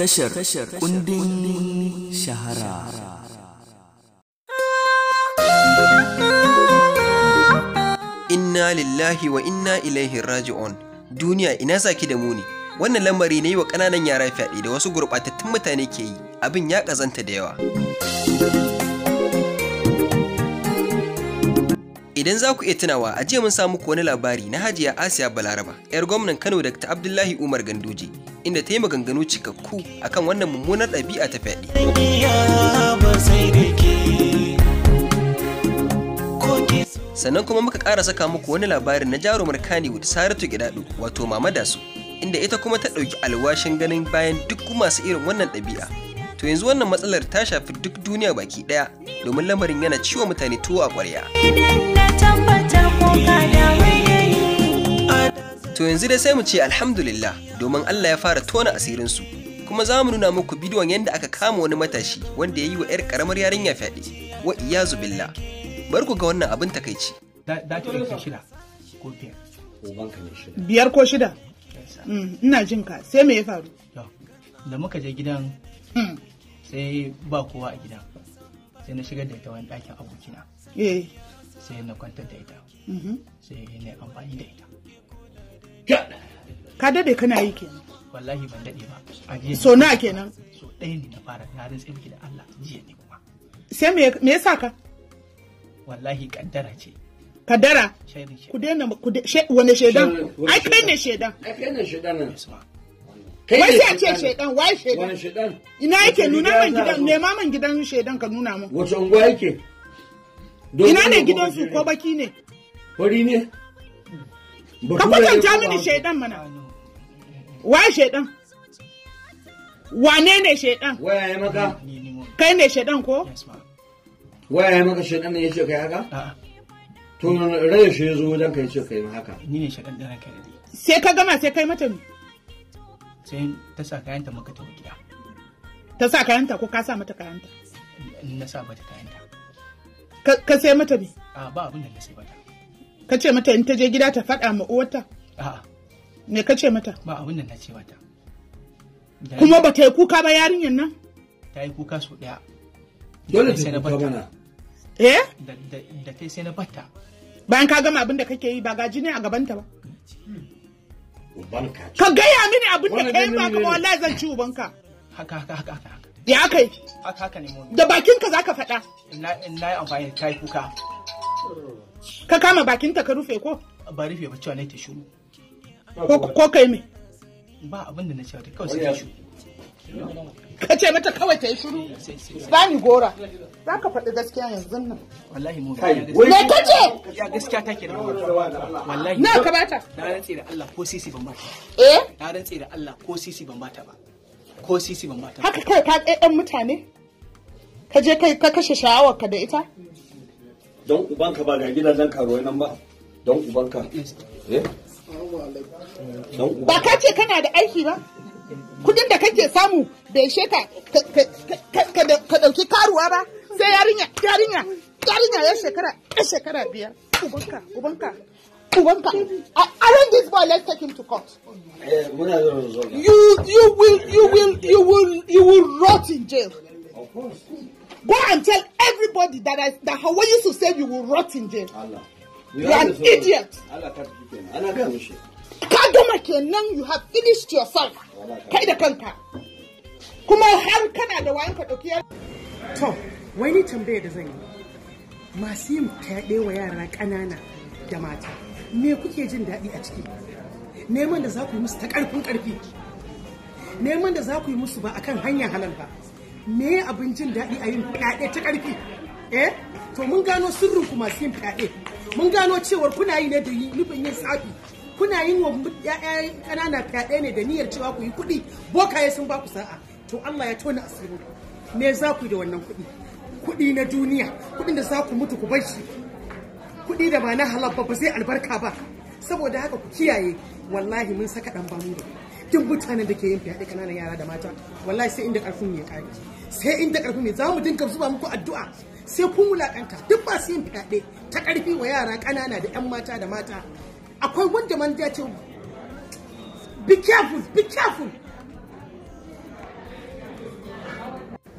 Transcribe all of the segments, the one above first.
tashar kundin shahara inna lillahi wa inna ilaihi raji'un duniya ina saki da muni wannan lamari na yi wa ƙananan yara fyaɗe da wasu gurɓatattun mutane ke yi abin ya ƙazanta da yawa Idan za ku iya tunawa a jiya mun samu wani labari na Hajiya Asiya Balaraba, 'yar gwamnan Kano Dr. Abdullahi Umar Ganduje, inda ta yi maganganu cikakku akan wannan mummunar ɗabi'a ta fyaɗe. Sannan kuma muka ƙara saka muku wani labarin na jarumar Kannywood Saratu gidaɗu wato Mama da su, inda ita kuma ta ɗauki alwashin ganin bayan duk masu irin wannan ɗabi'a. to yanzu wannan matsalar ta shafi duk duniya baki ɗaya domin lamarin yana ciwo mutane tuwo a ƙwarya. To yanzu dai sai mu ce alhamdulillah domin Allah ya fara tona asirinsu kuma za mu nuna muku bidiyon yadda aka kama wani matashi wanda ya yi wa 'yar karamar yarinya fyaɗe wa iyazu billah bar ku ga wannan abin takaici. Biyar ko shida? Mm, ina jin ka sai me ya faru? Da muka je gidan hmm. sai ba kowa a gidan sai na shigar da ita wani ɗakin abokina. Eh. sai na kwantar da ita mm-hmm. sai na amfani da ita ka dade kana yi ke wallahi ban dade ba a jiya so na kenan so ɗaya ne na fara na rantsa miki da Allah jiya ne kuma sai me yasa ka wallahi kaddara ce kaddara ku daina ku wani shedan ai kai ne shedan ai kai ne shedan ne wai sai a ce shaidan wai shaidan ina yake nuna man gidan nema man gidan shaidan ka nuna mu wace unguwa yake Ina ne gidansu ko baki ne? Fari ne. Ka kwatanta mini shaidan mana. Waye shaidan? Wane ne shaidan? Waya ya maka? Kai ne shaidan ko? Waya ya maka shaidan ne ya ce kai haka? To rai shi ya zo wajen kai ce kai haka. Ni ne shaidan da ranka da Sai ka gama sai kai mata me? Sai ta sa kayanta maka ta gida. Ta sa kayanta ko ka sa mata kayanta? Na sa mata kayanta. Ka sai mata ne? A ah, ba abin da na sai mata. Ka ce mata in ta je gida ta faɗa ma uwarta? A. Me ka ce mata? Ba abin da na ce mata. Kuma ba ta yi kuka ba yarinyar nan? Ta yi kuka sau ɗaya. Dole ta kuka bana. Eh? Da ta sai na bata. Bayan ka gama abin da kake yi ba gaji ne a gabanta ba. Ka gaya mini abin da ka yi ba kuma wallahi zan ci ubanka. haka haka haka. Ya kai. Haka ne mun. Da bakinka za ka faɗa? Na yi amfani da ta kuka. Ka kama bakinta ka rufe ko? Ba rufe ba cewa ne ta shuru. Ko kai me? Ba abin da na cewa ta kawai sai ta shuru. Ka ce mata kawai ta yi shuru? Ba ni gora. Za ka faɗi gaskiya yanzu nan. Wallahi mu. Me ka ce? Ya gaskiya ta ke da wallahi. Na ka bata? Na rantse da Allah ko sisi ban bata. Eh? Na rantse da Allah ko sisi ban bata ba. ko sisi ban mata haka kai ka ɗan mutane ka je kai ka kashe sha'awar ka da ita don ubanka ba ga gidajen karuwai nan ba don ubanka eh? ba ka ce kana da aiki ba kudin da kake samu bai ishe ka ka ɗauki karuwa ba sai yarinya yarinya yarinya ya shekara ya shekara biyar ubanka ubanka I arrange this boy let's take him to court eh, you you will you will you will you will rot in jail of course go and tell everybody that I, that how you to say you will rot in jail Allah. You, you are an idiot ka gama kenan you have finished yourself kai da kanka kuma har kana da wayan ka dauki to wai ni tambaya da zan yi masu yin fyaɗe wa yara ƙanana da mata me kuke jin daɗi a ciki neman da za ku yi musu ta ƙarfin ƙarfi neman da za ku yi musu ba akan hanyar halal ba me abin jin daɗi a yin fyaɗe ta ƙarfi eh to mun gano sirrin ku masu yin fyaɗe mun gano cewar kuna yi ne da nufin yin tsafi kuna yin wa ƴaƴan ƙanana fyaɗe ne da niyyar cewa ku yi kuɗi bokaye sun ba ku sa'a to Allah ya tona asirin me za ku yi da wannan kuɗi kuɗi na duniya kuɗin da za ku mutu ku bar shi kuɗi da ba na halal ba sai albarka ba saboda haka ku kiyaye wallahi mun saka ɗan bamu da duk mutanen da ke yin fyaɗe kananan yara da mata wallahi sai inda ƙarfin ya ƙare sai inda ƙarfin ya za mu dinga zuba muku addu'a sai kun wulaƙanta duk ba su yin fyaɗe ta ƙarfi wa yara ƙanana da ƴan mata da mata akwai wanda man ya ce be careful be careful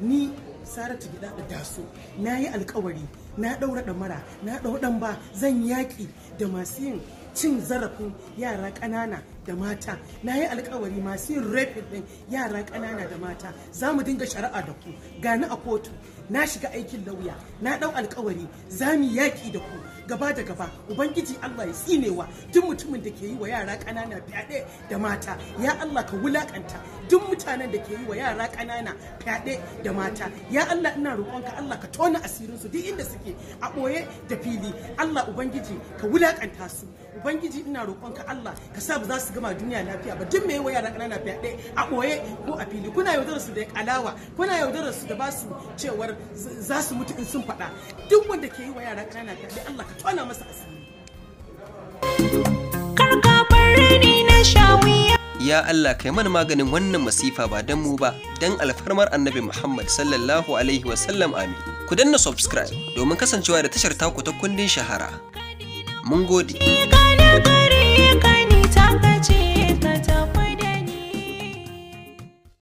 ni saratu gida da daso na yi alkawari na ɗaura mara, na ɗau ba zan yaki da masu yin cin zarafin yara ƙanana da mata na yi alkawari masu yin rapid din yara ƙanana da mata za mu dinga shari'a da ku gani a kotu na shiga aikin lauya na ɗau alkawari za mu yaƙi da ku gaba da gaba ubangiji allah ya tsinewa duk mutumin da ke yi wa yara ƙanana fyaɗe da mata ya allah ka wulaƙanta duk mutanen da ke yi wa yara ƙanana fyaɗe da mata ya allah ina roƙonka allah ka tona asirinsu duk inda suke a ɓoye da fili allah ubangiji ka wulaƙanta su ubangiji ina roƙonka allah ka sa ba za su su gama duniya lafiya ba duk mai yawa yara ƙanana fyaɗe a ɓoye ko a fili kuna yaudarar su da alawa kuna yaudarar su da basu su cewar za su mutu in sun faɗa duk wanda ke yi wa yara ƙanana fyaɗe Allah ka tona masa asiri. Ya Allah kai mana maganin wannan masifa ba don mu ba don alfarmar annabi Muhammad sallallahu alaihi wasallam amin. Ku danna subscribe domin kasancewa da tashar taku ta kundin shahara. Mun gode.